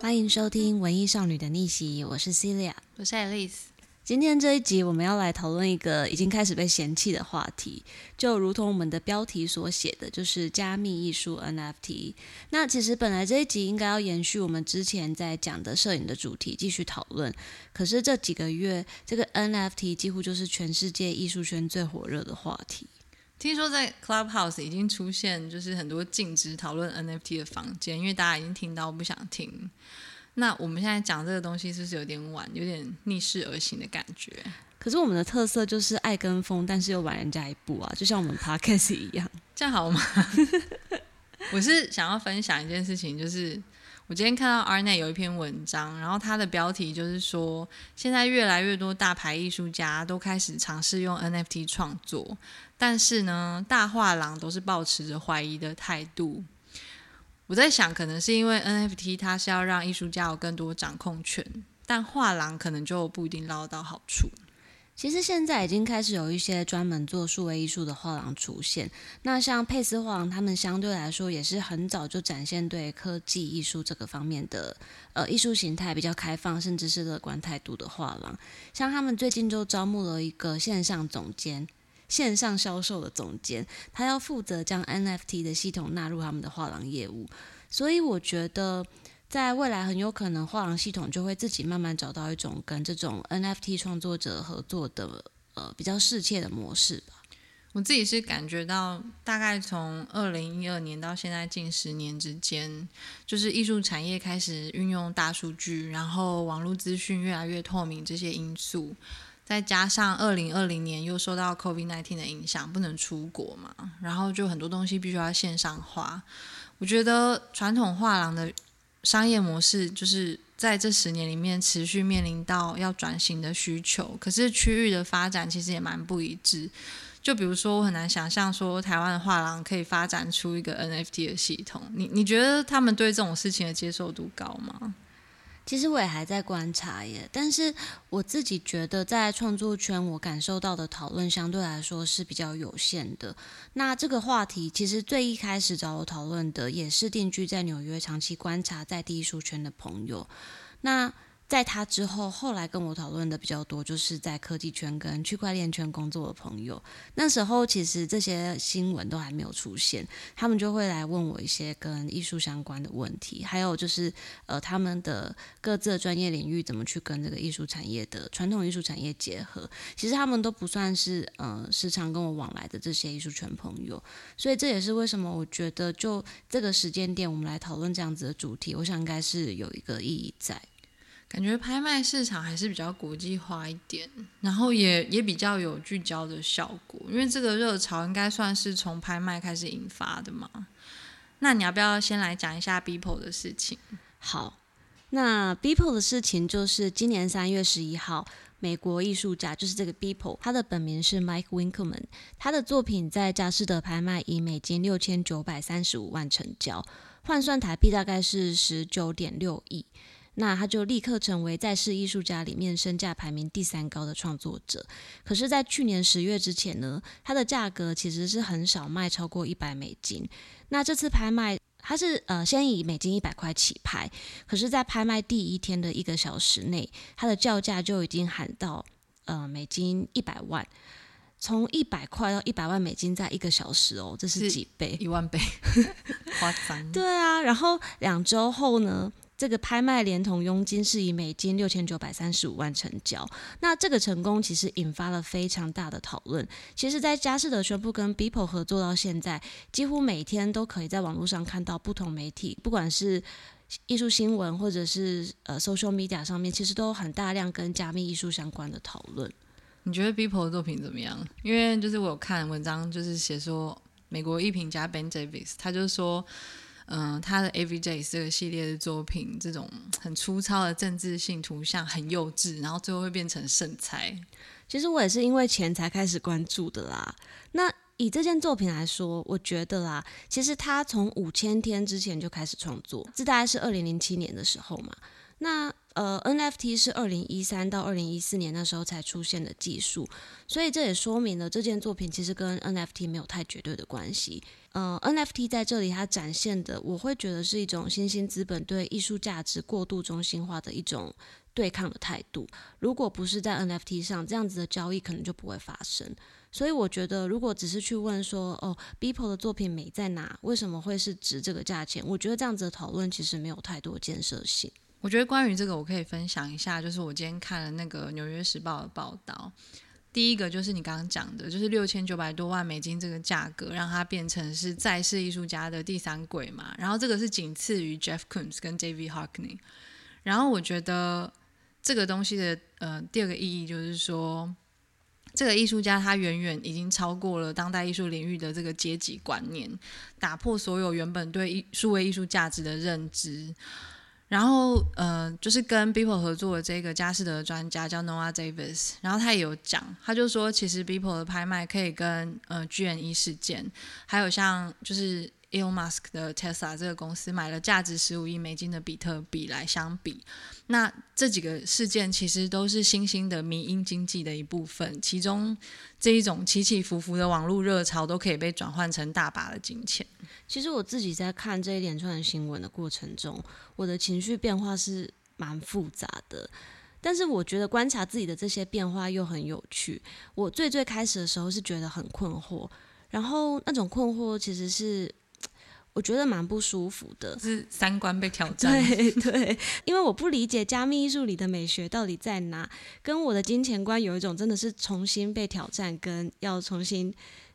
歡迎收聽《文藝少女的逆襲》，我是 Celia，我是 Elise。今天這一集，我們要來討論一個已經開始被嫌棄的話題，就如同我們的標題所寫的，就是加密藝術 NFT。那其實本來這一集應該要延續我們之前在講的攝影的主題繼續討論，可是這幾個月，這個 NFT 幾乎就是全世界藝術圈最火熱的話題。聽說在 Clubhouse 已經出現，就是很多禁止討論 NFT 的房間，因為大家已經聽到不想聽。那我們現在講這個東西是不是有點晚，有點逆勢而行的感覺？可是我們的特色就是愛跟風，但是又晚人家一步啊，就像我們 podcast 一樣，這樣好嗎？ 我是想要分享一件事情，就是我今天看到 Artnet 有一篇文章，然後它的標題就是說，現在越來越多大牌藝術家都開始嘗試用 NFT 創作，但是呢，大畫廊都是抱持着懷疑的態度。我在想，可能是因為 NFT 它是要讓藝術家有更多掌控權，但畫廊可能就不一定撈得到好處。其實現在已經開始有一些專門做數位藝術的畫廊出現，那像佩斯畫廊，他們相對來說也是很早就展現對科技藝術這個方面的，呃，藝術形態比較開放，甚至是樂觀態度的畫廊。像他們最近就招募了一個線上總監。線上銷售的總監，他要負責將 NFT 的系統納入他們的畫廊業務，所以我覺得在未來很有可能畫廊系統就會自己慢慢找到一種跟這種 NFT 創作者合作的呃比較適切的模式吧。我自己是感覺到，大概從二零一二年到現在近十年之間，就是藝術產業開始運用大數據，然後網絡資訊越來越透明這些因素。再加上二零二零年又受到 COVID-19 的影響，不能出國嘛，然後就很多東西必須要線上化。我覺得傳統畫廊的商業模式就是在這十年裡面持續面臨到要轉型的需求。可是區域的發展其實也蠻不一致。就比如說，我很難想象說台灣的畫廊可以發展出一個 NFT 的系統。你你覺得他們對這種事情的接受度高嗎？其實我也還在觀察耶，但是我自己覺得在創作圈，我感受到的討論相對來說是比較有限的。那這個話題，其實最一開始找我討論的，也是定居在紐約、長期觀察在藝術圈的朋友。那在他之後，後來跟我討論的比較多，就是在科技圈跟區塊鏈圈工作的朋友。那時候其實這些新聞都還沒有出現，他們就會來問我一些跟藝術相關的問題，還有就是呃他們的各自專業領域怎麼去跟這個藝術產業的傳統藝術產業結合。其實他們都不算是嗯、呃，時常跟我往來的這些藝術圈朋友，所以這也是為什麼我覺得就這個時間點我們來討論這樣子的主題，我想應該是有一個意義在。感覺拍賣市場還是比較國際化一點，然後也也比較有聚焦的效果，因為這個熱潮應該算是從拍賣開始引發的嘛。那你要不要先來講一下 Beeple 的事情？好，那 Beeple 的事情就是今年三月十一號，美國藝術家就是這個 Beeple，他的本名是 Mike Winkelmann，他的作品在佳士得拍賣以美金六千九百三十五萬成交，換算台幣大概是十九點六億。那他就立刻成為在世藝術家裡面身價排名第三高的創作者。可是，在去年十月之前呢，它的價格其實是很少賣超過一百美金。那這次拍賣，它是呃先以美金一百塊起拍，可是，在拍賣第一天的一個小時內，它的叫價就已經喊到呃美金一百萬。從一百塊到一百萬美金，在一個小時哦，這是幾倍？一萬倍，誇張。對啊，然後兩周後呢？這個拍賣連同佣金是以美金六千九百三十五萬成交。那這個成功其實引發了非常大的討論。其實，在佳士得宣布跟 Beeple 合作到現在，幾乎每天都可以在網絡上看到不同媒體，不管是藝術新聞或者是呃 social media 上面，其實都有很大量跟加密藝術相關的討論。你覺得 Beeple 的作品怎麼樣？因為就是我有看文章，就是寫說美國藝評家 Ben Davis，他就說。嗯、呃，他的 Everydays 這個系列的作品，這種很粗糙的政治性圖像，很幼稚，然後最後會變成剩菜。其實我也是因為錢才開始關注的啦。那以這件作品來說，我覺得啦，其實他從五千天之前就開始創作，這大概是二零零七年的時候嘛。那呃，NFT 是二零一三到二零一四年那時候才出現的技術，所以這也說明了這件作品其實跟 NFT 沒有太絕對的關係。呃，NFT 在這裡它展現的，我會覺得是一種新興資本對藝術價值過度中心化的一種對抗的態度。如果不是在 NFT 上，這樣子的交易可能就不會發生。所以我覺得，如果只是去問說，哦，Beeple 的作品美在哪？為什麼會是值這個價錢？我覺得這樣子的討論其實沒有太多建設性。我覺得關於這個，我可以分享一下，就是我今天看了那個《紐約時報》的報道。第一個就是你剛剛講的，就是六千九百多萬美金這個價格，讓它變成是在世藝術家的第三貴嘛。然後這個是僅次於 Jeff Koons 跟 David Hockney。然後我覺得這個東西的呃第二個意義就是說，這個藝術家他遠遠已經超過了當代藝術領域的這個階級觀念，打破所有原本對藝數位藝術價值的認知。然後，呃，就是跟 Beeple 合作的這個佳士得專家叫 Noah Davis，然後他也有講，他就說，其實 Beeple 的拍賣可以跟呃 GME 事件，還有像就是。Elon Musk 的 Tesla 這個公司買了價值十五億美金的比特幣來相比，那這幾個事件其實都是新興的迷因經濟的一部分，其中這一種起起伏伏的網絡熱潮都可以被轉換成大把的金錢。其實我自己在看這一連串的新聞的過程中，我的情緒變化是蠻複雜的，但是我覺得觀察自己的這些變化又很有趣。我最最開始的時候是覺得很困惑，然後那種困惑其實是。我覺得蠻不舒服的，是三觀被挑戰。對對，因為我不理解加密藝術裡的美學到底在哪，跟我的金錢觀有一種真的是重新被挑戰，跟要重新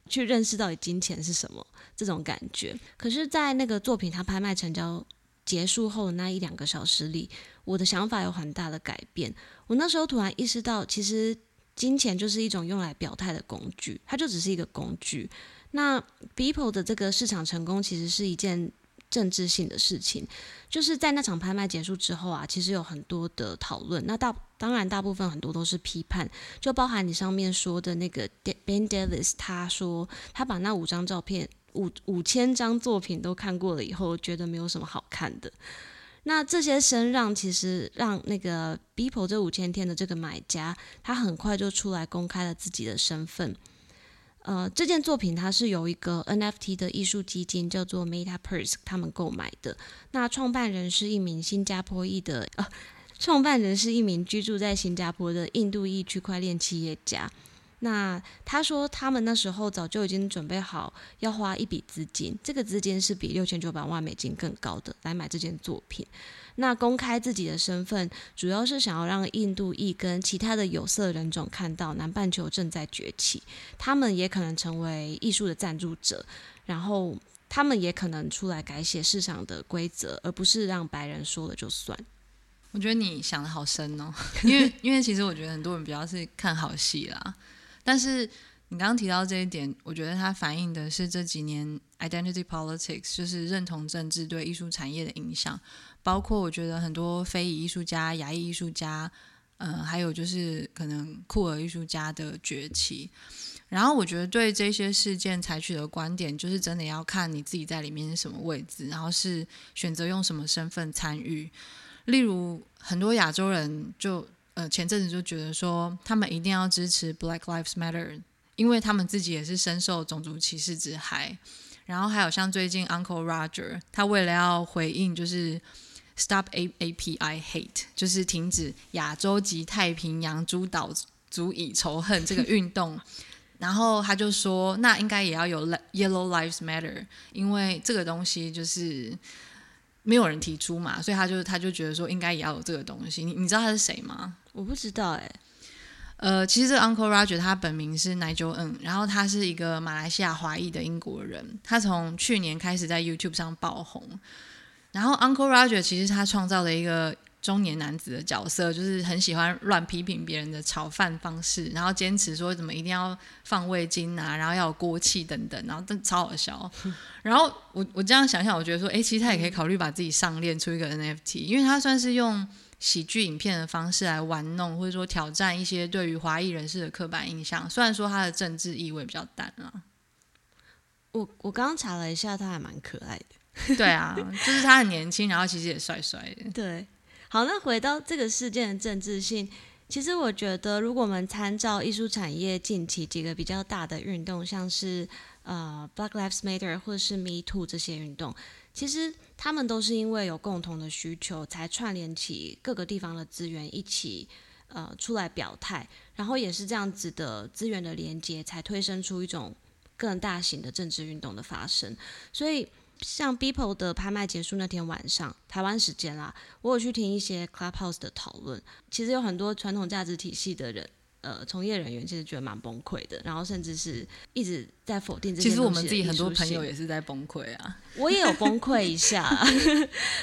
去認識到底金錢是什麼這種感覺。可是，在那個作品它拍賣成交結束後的那一兩個小時裡，我的想法有很大的改變。我那時候突然意識到，其實金錢就是一種用來表態的工具，它就只是一個工具。那 Beeple 的這個市場成功其實是一件政治性的事情，就是在那場拍賣結束之後啊，其實有很多的討論。那大當然大部分很多都是批判，就包含你上面說的那個 Ben Davis，他說他把那五張照片，五五千張作品都看過了以後，覺得沒有什麼好看的。那這些聲讓其實讓那個 Beeple 這五千天的這個買家，他很快就出來公開了自己的身份。呃，這件作品它是由一個 NFT 的藝術基金叫做 Metapurse 他們購買的。那創辦人是一名新加坡裔的，呃，創辦人是一名居住在新加坡的印度裔區塊鏈企業家。那他說，他們那時候早就已經準備好要花一筆資金，這個資金是比六千九百萬美金更高的，來買這件作品。那公開自己的身份，主要是想要讓印度裔跟其他的有色人種看到南半球正在崛起，他們也可能成為藝術的贊助者，然後他們也可能出來改寫市場的規則，而不是讓白人說了就算。我覺得你想得好深哦，因為因為其實我覺得很多人比較是看好戲啦。但是你剛剛提到這一點，我覺得它反映的是這幾年 identity politics，就是認同政治對藝術產業的影響，包括我覺得很多非裔藝術家、亞裔藝術家，嗯、呃，還有就是可能酷兒藝術家的崛起。然後我覺得對這些事件採取的觀點，就是真的要看你自己在裡面是什麼位置，然後是選擇用什麼身份參與。例如，很多亞洲人就。前陣子就覺得說，他們一定要支持 Black Lives Matter，因為他們自己也是深受種族歧視之害。然後還有像最近 Uncle Roger，他為了要回應就是 Stop AAPI Hate，就是停止亞洲及太平洋諸島族裔仇恨這個運動， 然後他就說，那應該也要有 Yellow Lives Matter，因為這個東西就是。沒有人提出嘛，所以他就他就覺得說應該也要有這個東西。你你知道他是誰嗎？我不知道誒、欸，呃，其實這個 Uncle Roger 他本名是 Nigel Ng，然後他是一個馬來西亞華裔的英國人。他從去年開始在 YouTube 上爆紅，然後 Uncle Roger 其實他創造了一個。中年男子的角色，就是很喜歡亂批評別人的炒飯方式，然後堅持說怎麼一定要放味精啊，然後要有鍋氣等等，然後真的超好笑。嗯、然後我我這樣想想，我覺得說，哎，其實他也可以考慮把自己上鏈出一個 NFT，嗯、因為他算是用喜劇影片的方式來玩弄或者說挑戰一些對於華裔人士的刻板印象。雖然說他的政治意味比較淡啊，我我剛剛查了一下，他還蠻可愛的。 對啊，就是他很年輕，然後其實也帥帥的。對。好，那回到這個事件的政治性，其實我覺得，如果我們參照藝術產業近期幾個比較大的運動，像是呃 Black Lives Matter 或者是 Me Too 這些運動，其實他們都是因為有共同的需求，才串聯起各個地方的資源一起呃出來表態，然後也是這樣子的資源的連接，才推生出一種更大型的政治運動的發生，所以。像 Beeple 的拍賣結束那天晚上，台灣時間啦，我有去聽一些 Clubhouse 的討論。其實有很多傳統價值體系的人，呃，從業人員其實覺得蠻崩潰的，然後甚至是一直在否定自己。其實我們自己很多朋友也是在崩潰啊，我也有崩潰一下。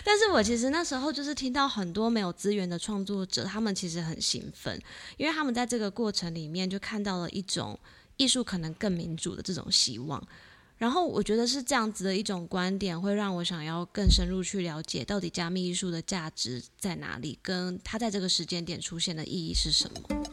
但是我其實那時候就是聽到很多沒有資源的創作者，他們其實很興奮，因為他們在這個過程裡面就看到了一種藝術可能更民主的這種希望。然後我覺得是這樣子的一種觀點，會讓我想要更深入去了解，到底加密藝術的價值在哪裡，跟它在這個時間點出現的意義是什麼。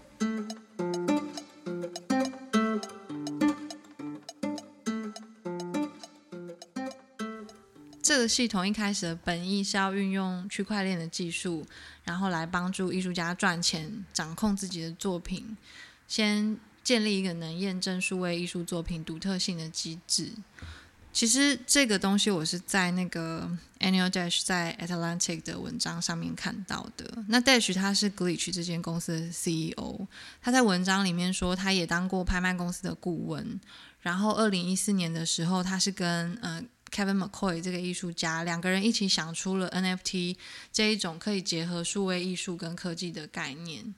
這個系統一開始的本意是要運用區塊鏈的技術，然後來幫助藝術家賺錢、掌控自己的作品。先，建立一個能驗證數位藝術作品獨特性的機制。其實這個東西我是在那個 Anil Dash 在 Atlantic 的文章上面看到的。那 Dash 他是 Glitch 這間公司的 CEO，他在文章裡面說他也當過拍賣公司的顧問。然後二零一四年的時候，他是跟嗯、呃、Kevin McCoy 這個藝術家兩個人一起想出了 NFT 這一種可以結合數位藝術跟科技的概念。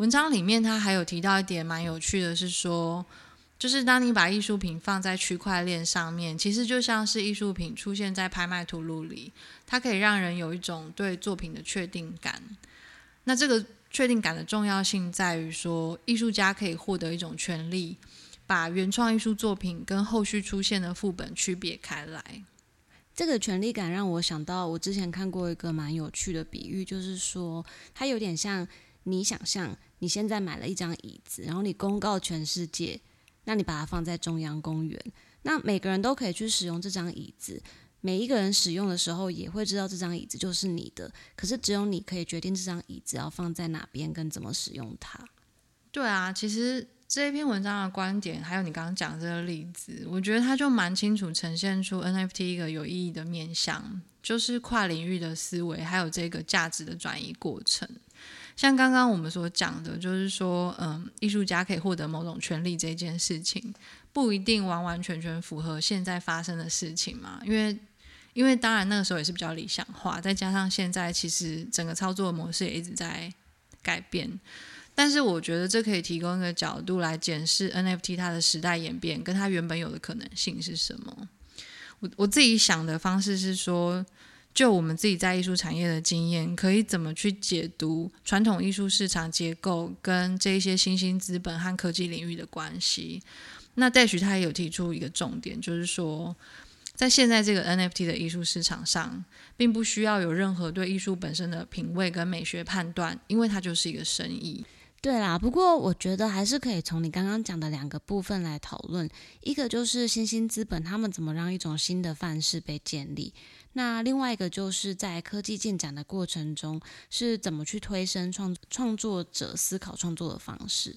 文章裡面他還有提到一點蠻有趣的是說，就是當你把藝術品放在區塊鏈上面，其實就像是藝術品出現在拍賣圖錄裡，它可以讓人有一種對作品的確定感。那這個確定感的重要性在於說，藝術家可以獲得一種權利，把原創藝術作品跟後續出現的副本區別開來。這個權利感讓我想到，我之前看過一個蠻有趣的比喻，就是說它有點像。你想象你現在買了一張椅子，然後你公告全世界，那你把它放在中央公園，那每個人都可以去使用這張椅子。每一個人使用的時候，也會知道這張椅子就是你的。可是只有你可以決定這張椅子要放在哪邊跟怎麼使用它。對啊，其實這一篇文章的觀點，還有你剛剛講的這個例子，我覺得它就蠻清楚呈現出 NFT 一個有意義的面向，就是跨領域的思維，還有這個價值的轉移過程。像剛剛我們所講的，就是說，嗯、呃，藝術家可以獲得某種權利這件事情，不一定完完全全符合現在發生的事情嘛。因為，因為當然那個時候也是比較理想化，再加上現在其實整個操作模式也一直在改變。但是我覺得這可以提供一個角度來檢視 NFT 它的時代演變，跟它原本有的可能性是什麼。我我自己想的方式是說，就我們自己在藝術產業的經驗，可以怎麼去解讀傳統藝術市場結構跟這些新興資本和科技領域的關係？那 Dash 他也有提出一個重點，就是說，在現在這個 NFT 的藝術市場上，並不需要有任何對藝術本身的品味跟美學判斷，因為它就是一個生意。對啦，不過我覺得還是可以從你剛剛講的兩個部分來討論，一個就是新興資本他們怎麼讓一種新的範式被建立。那另外一個就是在科技進展的過程中，是怎麼去推升創創作者思考創作的方式？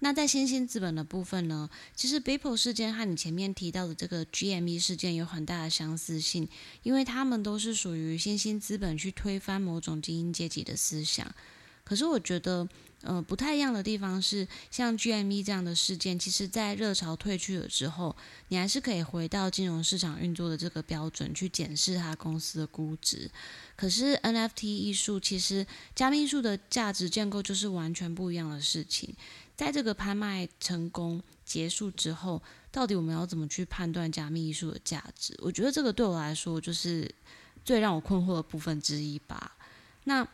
那在新興資本的部分呢？其實 Beeple 事件和你前面提到的這個 GME 事件有很大的相似性，因為他們都是屬於新興資本去推翻某種精英階級的思想。可是我覺得。呃，不太一樣的地方是，像 GME 這樣的事件，其實，在熱潮退去了之後，你還是可以回到金融市場運作的這個標準去檢視它公司的估值。可是 NFT 藝術，其實加密藝術的價值建構就是完全不一樣的事情。在這個拍賣成功結束之後，到底我們要怎麼去判斷加密藝術的價值？我覺得這個對我來說就是最讓我困惑的部分之一吧。那。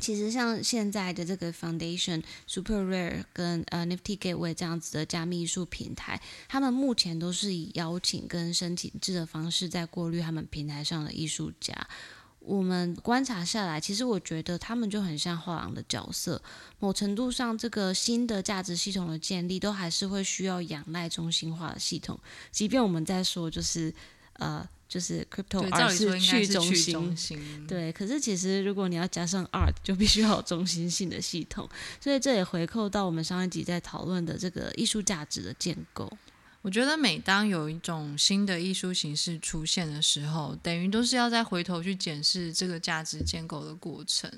其實像現在的這個 Foundation SuperRare 跟，uh, Nifty Gateway 這樣子的加密藝術平台，他們目前都是以邀請跟申請制的方式在過濾他們平台上的藝術家。我們觀察下來，其實我覺得他們就很像畫廊的角色。某程度上，這個新的價值系統的建立，都還是會需要仰賴中心化的系統，即便我們在說就是。呃，就是 crypto，照理說應該是去中，中心。對，可是其實如果你要加上 art，就必須要有中心性的系統。所以這也回扣到我們上一集在討論的這個藝術價值的建構。我覺得每當有一種新的藝術形式出現的時候，等於都是要再回頭去檢視這個價值建構的過程。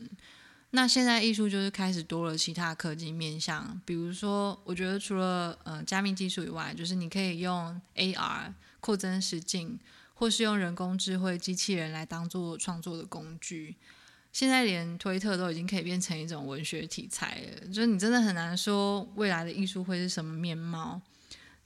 那現在藝術就是開始多了其他科技面向，比如說，我覺得除了呃加密技術以外，就是你可以用 AR。擴增實境，或是用人工智慧機器人來當做創作的工具，現在連推特都已經可以變成一種文學題材了。就是你真的很難說未來的藝術會是什麼面貌，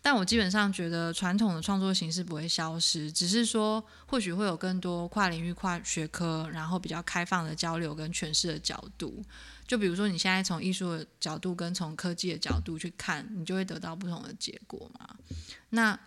但我基本上覺得傳統的創作形式不會消失，只是說或許會有更多跨領域、跨學科，然後比較開放的交流跟詮釋的角度。就比如說，你現在從藝術的角度跟從科技的角度去看，你就會得到不同的結果嘛。那。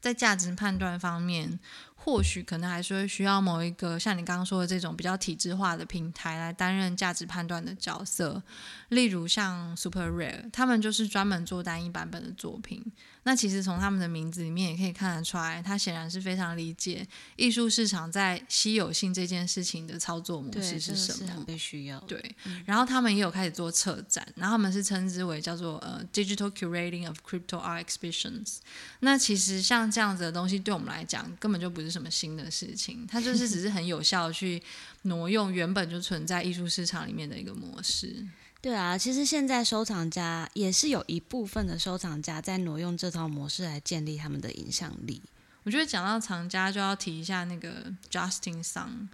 在價值判斷方面。或許可能還是會需要某一個像你剛剛說的這種比較體制化的平台來擔任價值判斷的角色，例如像 Super Rare，他們就是專門做單一版本的作品。那其實從他們的名字裡面也可以看得出來，他顯然是非常理解藝術市場在稀有性這件事情的操作模式是什麼，必須要。對、嗯，然後他們也有開始做策展，然後他們是稱之為叫做呃 Digital Curating of Crypto Art Exhibitions。那其實像這樣子的東西，對我們來講根本就不是。什麼新的事情？他就是只是很有效地去挪用原本就存在藝術市場裡面的一個模式。 對啊，其實現在收藏家也是有一部分的收藏家在挪用這套模式來建立他們的影響力。我覺得講到藏家，就要提一下那個 Justin Sun，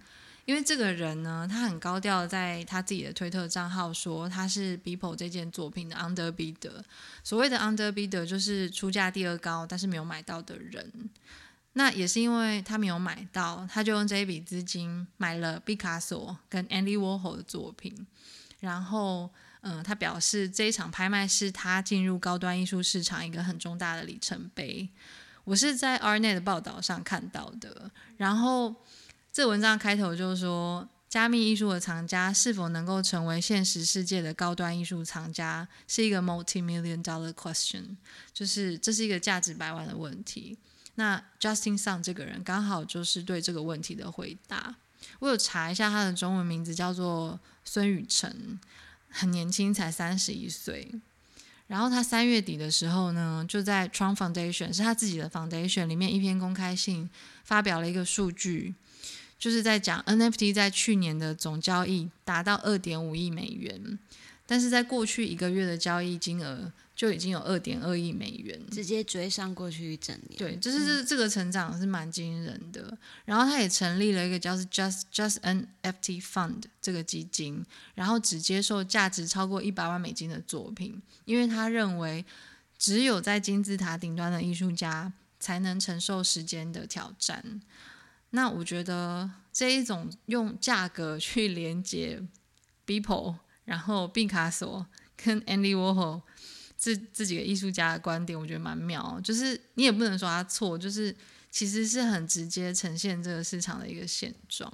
因為這個人呢，他很高調，在他自己的推特賬號說他是 Beeple 這件作品的 Underbid，所謂的 Underbid 就是出價第二高但是沒有買到的人。那也是因為他沒有買到，他就用這一筆資金買了畢卡索跟 Andy Warhol 的作品。然後，嗯、呃，他表示這一場拍賣是他進入高端藝術市場一個很重大的里程碑。我是在 Artnet 的報道上看到的。然後，這文章開頭就是說，加密藝術的藏家是否能夠成為現實世界的高端藝術藏家，是一個 multi-million-dollar question，就是這是一個價值百萬的問題。那 Justin Sun 這個人剛好就是對這個問題的回答。我有查一下他的中文名字叫做孫宇晨，很年輕，才三十一歲。然後他三月底的時候呢，就在 Tron Foundation 是他自己的 Foundation 裡面一篇公開信，發表了一個數據，就是在講 NFT 在去年的總交易達到二點五億美元，但是在過去一個月的交易金額。就已經有二點二億美元，直接追上過去一整年。對，就是這這個成長是蠻驚人的，嗯。然後他也成立了一個叫是 Just, Just Just an NFT Fund 這個基金，然後只接受價值超過一百萬美金的作品，因為他認為只有在金字塔頂端的藝術家才能承受時間的挑戰。那我覺得這一種用價格去連接 Beeple，然後畢卡索跟 Andy Warhol。這這幾個藝術家的觀點，我覺得蠻妙，就是你也不能說他錯，就是其實是很直接呈現這個市場的一個現狀。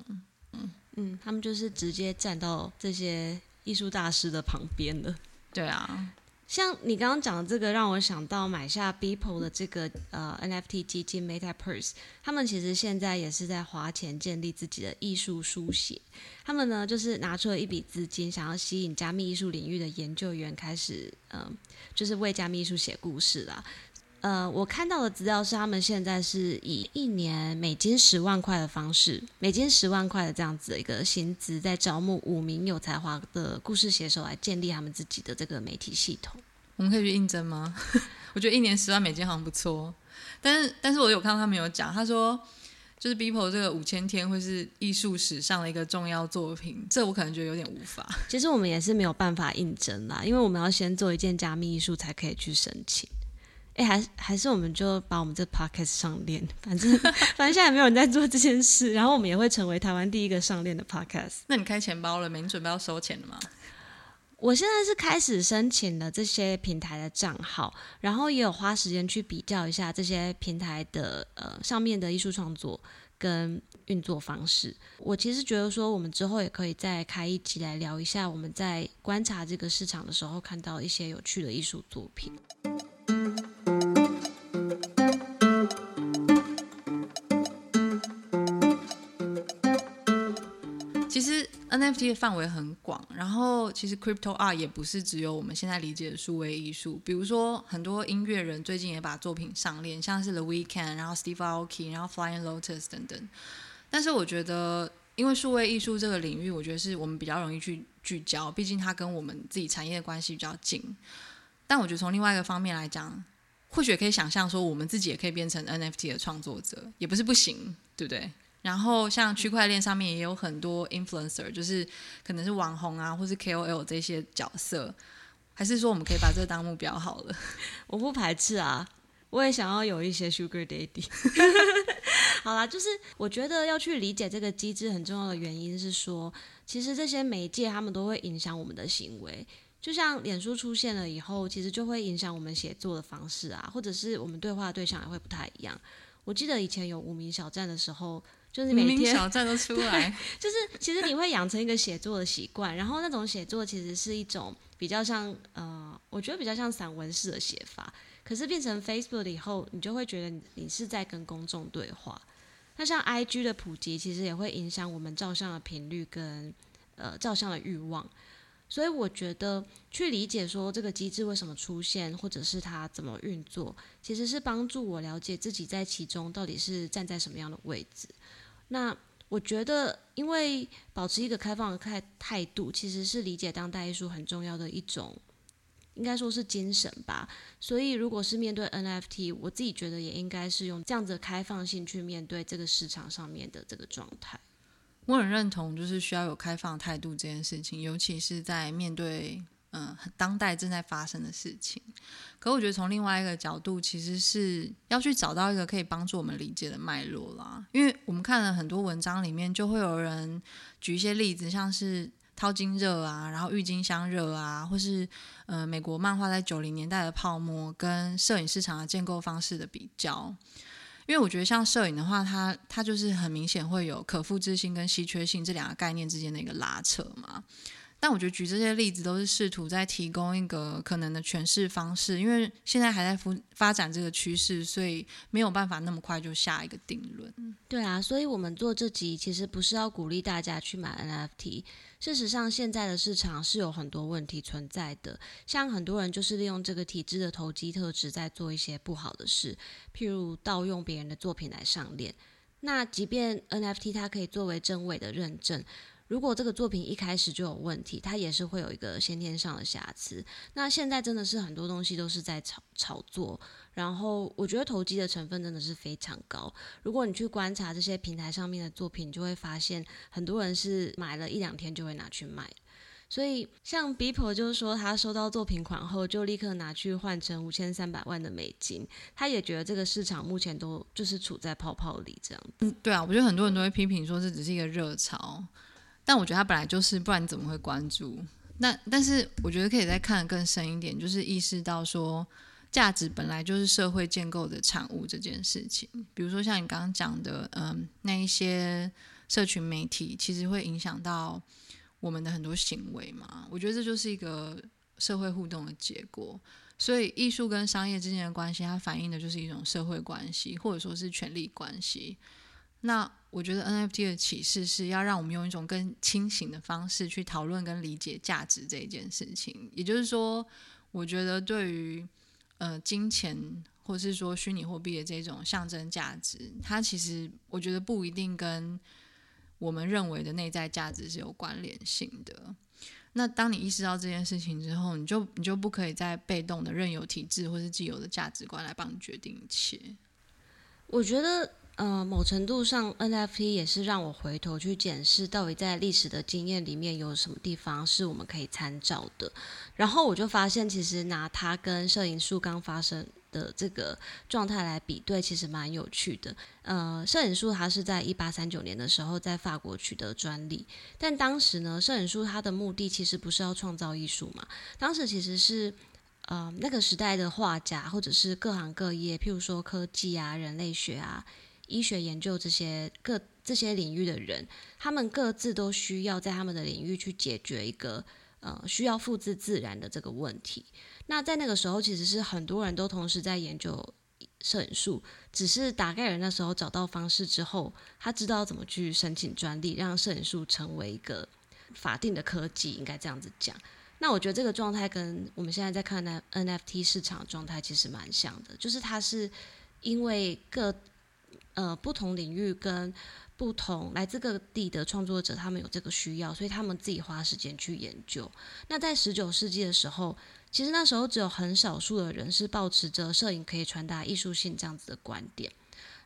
嗯嗯他們就是直接站到這些藝術大師的旁邊了。對啊，像你剛剛講的這個，讓我想到買下 Beeple 的這個、嗯、呃 NFT 基金 MetaPurse 他們其實現在也是在花錢建立自己的藝術書寫。他們呢，就是拿出了一筆資金，想要吸引加密藝術領域的研究員開始嗯。呃就是為加密書寫故事啦。呃，我看到的資料是他們現在是以一年美金十萬塊的方式，美金十萬塊的這樣子的一個薪資，在招募五名有才華的故事寫手來建立他們自己的這個媒體系統。我們可以去應徵嗎？我覺得一年十萬美金好像不錯，但是，但是我有看到他們有講，他說。就是 Beeple 這個五千天會是藝術史上的一個重要作品，這我可能覺得有點無法。其實我們也是沒有辦法應徵啦，因為我們要先做一件加密藝術才可以去申請。哎，還是還是我們就把我們這 podcast 上鏈，反正反正現在沒有人在做這件事， 然後我們也會成為台灣第一個上鏈的 podcast。那你開錢包了沒？你準備要收錢了嗎？我現在是開始申請了這些平台的賬號，然後也有花時間去比較一下這些平台的呃上面的藝術創作跟運作方式。我其實覺得說，我們之後也可以再開一集來聊一下，我們在觀察這個市場的時候看到一些有趣的藝術作品。NFT 的範圍很廣，然後其實 Crypto Art 也不是只有我們現在理解的數位藝術，比如說很多音樂人最近也把作品上鏈，像是 The Weeknd，然後 Steve Aoki，然後 Flying Lotus 等等。但是我覺得，因為數位藝術這個領域，我覺得是我們比較容易去聚，聚焦，畢竟它跟我們自己產業的關係比較近。但我覺得從另外一個方面來講，或許也可以想象說，我們自己也可以變成 NFT 的創作者，也不是不行，對不對？然後像區塊鏈上面也有很多 influencer，就是可能是網紅啊，或是 KOL 這些角色，還是說我們可以把這個當目標好了？我不排斥啊，我也想要有一些 sugar daddy。 好啦，就是我覺得要去理解這個機制很重要的原因是說，其實這些媒介他們都會影響我們的行為，就像臉書出現了以後，其實就會影響我們寫作的方式啊，或者是我們對話的對象也會不太一樣。我記得以前有無名小站的時候。就是每一天明明小都出來， 就是其實你會養成一個寫作的習慣， 然後那種寫作其實是一種比較像呃，我覺得比較像散文式的寫法。可是變成 Facebook 以後，你就會覺得你是在跟公眾對話。那像 IG 的普及，其實也會影響我們照相的頻率跟呃照相的欲望。所以我覺得去理解說這個機制為什麼出現，或者是它怎麼運作，其實是幫助我了解自己在其中到底是站在什麼樣的位置。那我覺得，因為保持一個開放的態態度，其實是理解當代藝術很重要的一種，應該說是精神吧。所以，如果是面對 NFT，我自己覺得也應該是用這樣子的開放性去面對這個市場上面的這個狀態。我很認同，就是需要有開放態度這件事情，尤其是在面對。嗯，當代正在發生的事情，可我覺得從另外一個角度，其實是要去找到一個可以幫助我們理解的脈絡啦。因為我們看了很多文章裡面，就會有人舉一些例子，像是淘金熱啊，然後鬱金香熱啊，或是呃美國漫畫在九零年代的泡沫跟攝影市場的建構方式的比較。因為我覺得，像攝影的話，它它就是很明顯會有可複製性跟稀缺性這兩個概念之間的一個拉扯嘛。但我覺得舉這些例子都是試圖在提供一個可能的詮釋方式，因為現在還在發發展這個趨勢，所以沒有辦法那麼快就下一個定論。嗯。對啊，所以我們做這集其實不是要鼓勵大家去買 NFT。事實上，現在的市場是有很多問題存在的，像很多人就是利用這個體制的投機特質，在做一些不好的事，譬如盜用別人的作品來上鏈。那即便 NFT 它可以作為真偽的認證。如果這個作品一開始就有問題，它也是會有一個先天上的瑕疵。那現在真的是很多東西都是在炒炒作，然後我覺得投機的成分真的是非常高。如果你去觀察這些平台上面的作品，就會發現很多人是買了一兩天就會拿去賣。所以像 Beeple 就是說，他收到作品款後就立刻拿去換成五千三百萬的美金。他也覺得這個市場目前都就是處在泡泡裡這樣。嗯，對啊，我覺得很多人都會批評說這只是一個熱潮。但我覺得他本來就是，不然你怎麼會關注？那但是我覺得可以再看得更深一點，就是意識到說，價值本來就是社會建構的產物這件事情。比如說像你剛剛講的，嗯、呃，那一些社群媒體其實會影響到我們的很多行為嘛。我覺得這就是一個社會互動的結果。所以藝術跟商業之間的關係，它反映的就是一種社會關係，或者說是權力關係。那。我覺得 NFT 的啟示是要讓我們用一種更清醒的方式去討論跟理解價值這件事情。也就是說，我覺得對於呃金錢或是說虛擬貨幣的這種象徵價值，它其實我覺得不一定跟我們認為的內在價值是有關聯性的。那當你意識到這件事情之後，你就你就不可以再被動的任由體制或是既有的價值觀來幫你決定一切。我覺得。呃，某程度上，NFT 也是讓我回頭去檢視，到底在歷史的經驗裡面有什麼地方是我們可以參照的。然後我就發現，其實拿它跟攝影術剛發生的這個狀態來比對，其實蠻有趣的。呃，攝影術它是在一八三九年的時候在法國取得專利，但當時呢，攝影術它的目的其實不是要創造藝術嘛。當時其實是呃那個時代的畫家或者是各行各業，譬如說科技啊、人類學啊。醫學研究這些各這些領域的人，他們各自都需要在他們的領域去解決一個呃需要複製自然的這個問題。那在那個時候，其實是很多人都同時在研究攝影術，只是達蓋爾那時候找到方式之後，他知道怎麼去申請專利，讓攝影術成為一個法定的科技，應該這樣子講。那我覺得這個狀態跟我們現在在看的 NFT 市場狀態其實蠻像的，就是它是因為各。呃，不同領域跟不同來自各地的創作者，他們有這個需要，所以他們自己花時間去研究。那在十九世紀的時候，其實那時候只有很少數的人是抱持着攝影可以傳達藝術性這樣子的觀點。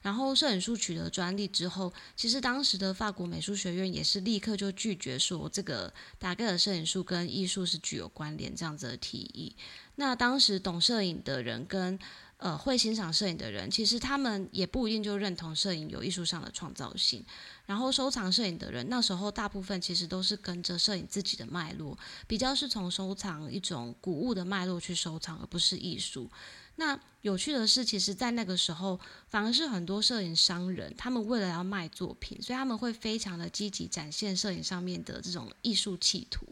然後攝影術取得專利之後，其實當時的法國美術學院也是立刻就拒絕說這個達蓋爾的攝影術跟藝術是具有關聯這樣子的提議。那當時懂攝影的人跟呃，會欣賞攝影的人，其實他們也不一定就認同攝影有藝術上的創造性。然後收藏攝影的人，那時候大部分其實都是跟着攝影自己的脈絡，比較是從收藏一種古物的脈絡去收藏，而不是藝術。那有趣的是，其實，在那個時候，反而是很多攝影商人，他們為了要賣作品，所以他們會非常的積極展現攝影上面的這種藝術企圖，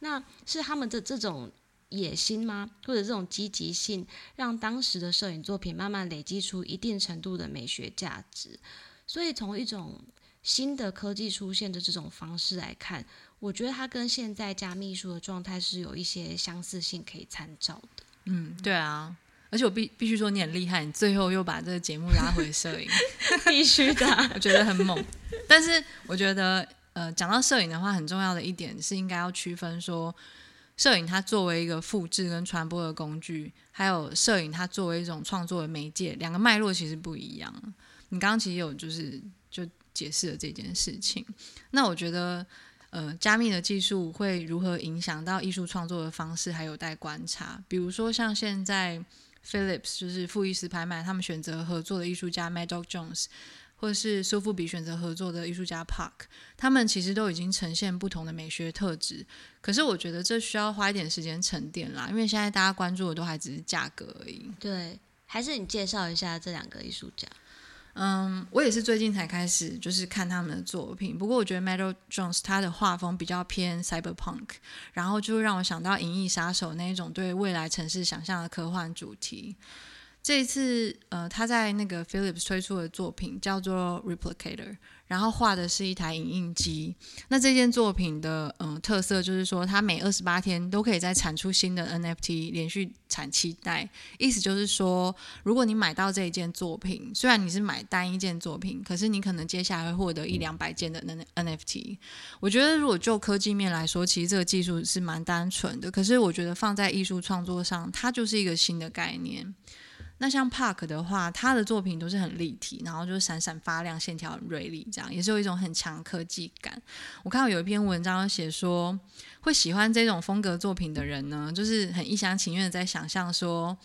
那是他們的這種。野心嗎？或者這種積極性，讓當時的攝影作品慢慢累積出一定程度的美學價值。所以從一種新的科技出現的這種方式來看，我覺得它跟現在加密藝術的狀態是有一些相似性可以參照的。嗯，對啊，而且我必必須說你很厲害，你最後又把這個節目拉回攝影， 必須須的， 我覺得很猛。但是我覺得，呃，講到攝影的話，很重要的一點是應該要區分說，攝影它作為一個複製跟傳播的工具，還有攝影它作為一種創作的媒介，兩個脈絡其實不一樣。你剛剛其實有就是就解釋了這件事情。那我覺得，呃，加密的技術會如何影響到藝術創作的方式，還有待觀察。比如說，像現在 Phillips 就是富藝斯拍賣，他們選擇合作的藝術家 Mad Dog Jones。或是蘇富比選擇合作的藝術家 Pak，他們其實都已經呈現不同的美學特質。可是我覺得這需要花一點時間沉澱啦，因為現在大家關注的都還只是價格而已。對，還是你介紹一下這兩個藝術家。嗯，我也是最近才開始就是看他們的作品。不過我覺得 Mad Dog Jones 他的畫風比較偏 Cyberpunk，然後就讓我想到《銀翼殺手》那一種對未來城市想象的科幻主題。這一次，呃，他在那個 Phillips 推出的作品叫做 Replicator，然後畫的是一台影印機。那這件作品的，嗯、呃，特色就是說，它每二十八天都可以再產出新的 NFT，連續產七代。意思就是說，如果你買到這一件作品，雖然你是買單一件作品，可是你可能接下來會獲得一兩百件的 N NFT。我覺得，如果就科技面來說，其實這個技術是蠻單純的。可是我覺得放在藝術創作上，它就是一個新的概念。那像 Pak 的話，他的作品都是很立體，然後就是閃閃發亮，線條很銳利，這樣也是有一種很強科技感。我看到有一篇文章寫說，會喜歡這種風格作品的人呢，就是很一廂情願的在想象說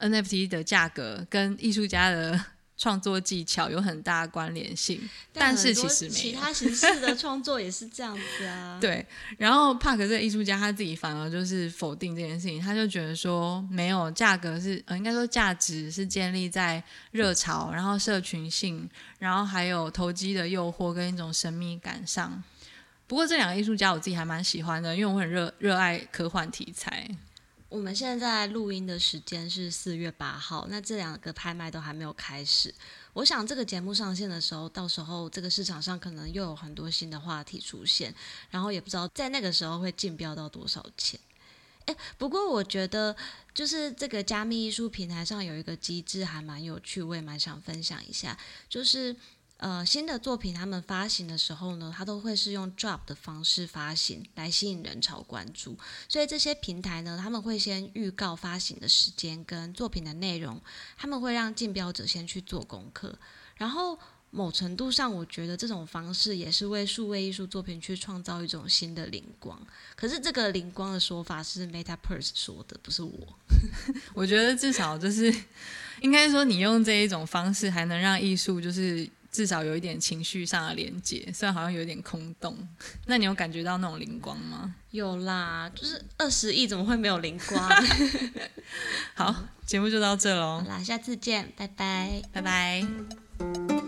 ，NFT 的價格跟藝術家的。創作技巧有很大的關聯性，但是其實沒有其他形式的創作也是這樣子啊。 對，然後帕克這個藝術家他自己反而就是否定這件事情，他就覺得說沒有價格是，呃，應該說價值是建立在熱潮，然後社群性，然後還有投機的誘惑跟一種神秘感上。不過這兩個藝術家我自己還蠻喜歡的，因為我很熱熱愛科幻題材。我們現在錄音的時間是四月八號，那這兩個拍賣都還沒有開始。我想這個節目上線的時候，到時候這個市場上可能又有很多新的話題出現，然後也不知道在那個時候會競標到多少錢。誒，不過我覺得就是這個加密藝術平台上有一個機制還蠻有趣，我也蠻想分享一下，就是。呃，新的作品他們發行的時候呢，它都會是用 drop 的方式發行來吸引人潮關注。所以這些平台呢，他們會先預告發行的時間跟作品的內容，他們會讓競標者先去做功課。然後某程度上，我覺得這種方式也是為數位藝術作品去創造一種新的靈光。可是這個靈光的說法是 MetaPurse 說的，不是我。 我覺得至少就是應該說，你用這一種方式還能讓藝術就是。至少有一點情緒上的連接，雖然好像有點空洞。 那你有感覺到那種靈光嗎？有啦，就是二十億怎麼會沒有靈光？ 好，嗯、節目就到這咯。好啦，下次見，拜拜，拜拜。嗯嗯。